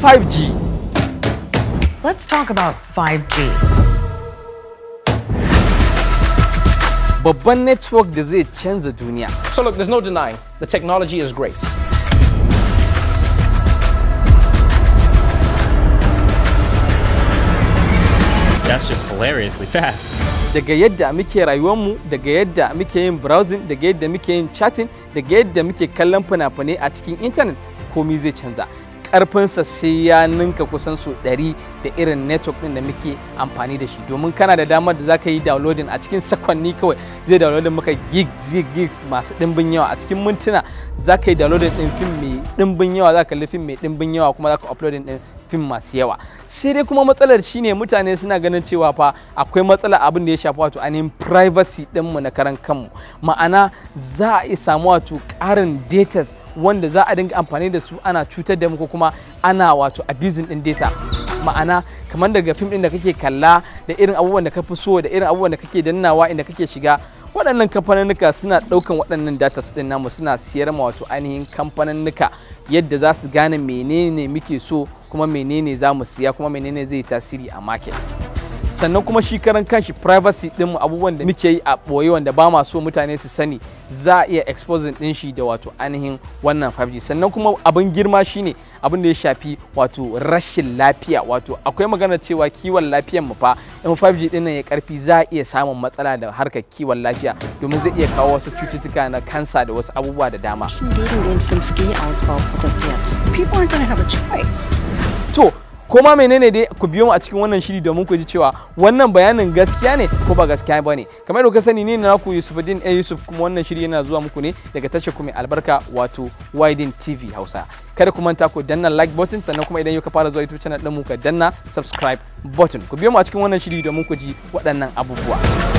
5G. Let's talk about 5G. Babban network does da change the duniya. So look, there's no denying the technology is great. That's just hilariously fast. daga yadda miki rayuwarmu the yadda muke yin browsing the yadda muke yin chatting the yadda muke kallon fina-finai a cikin intanet komi zai karfinsa sai ya ninka kusan su 100 da irin network din da muke amfani da shi domin kana da damar da zaka yi downloading a cikin sakwanni kawai zai downloading maka gig gig gig masu dimbin yawa a cikin mintuna zaka yi downloading din film mai dimbin yawa zaka kalli film mai dimbin yawa kuma zaka uploading din fim masu yawa sai dai kuma matsalar shine mutane suna ganin cewa fa akwai matsala abin da ya shafi wato ainihin privacy ɗinmu na karan kanmu ma'ana za a iya samu wato karin datas wanda za a dinga amfani da su ana cutar da mu ko kuma ana wato abusing din data ma'ana kamar daga fim ɗin da kake kalla da irin abubuwan da ka fi so da irin abubuwan da kake dannawa inda kake shiga waɗannan nuka suna ɗaukan waɗannan data ɗin namu suna siyar ma wato ainihin kamfaninnika yadda za su gane menene muke so kuma menene za mu siya kuma menene zai tasiri a market. sannan kuma shi karan kanshi privacy ɗinmu abubuwan da muke yi a ɓoye wanda ba ma so mutane su sani za a iya exposing ɗin shi da wato ainihin wannan 5G sannan kuma abin girma shine abin da ya shafi wato rashin lafiya wato akwai magana cewa kiwon lafiyan mu fa in 5G ɗin nan ya karfi za a iya samun matsala da harkar kiwon lafiya domin zai iya kawo wasu cututtuka na kansa da wasu abubuwa da dama. To, Koma menene dai ku biyo mu a cikin wannan shiri domin ku ji cewa wannan bayanin gaskiya ne ko ba gaskiya ba ne kamar da kuka sani ne naku Yusufuddin A Yusuf kuma wannan shiri yana zuwa muku ne daga tashar ku albarka wato Widen TV Hausa kada ku manta ku danna like button sannan kuma idan ka fara zuwa YouTube channel din mu ka danna subscribe button ku biyo mu a cikin wannan shiri domin ku ji waɗannan abubuwa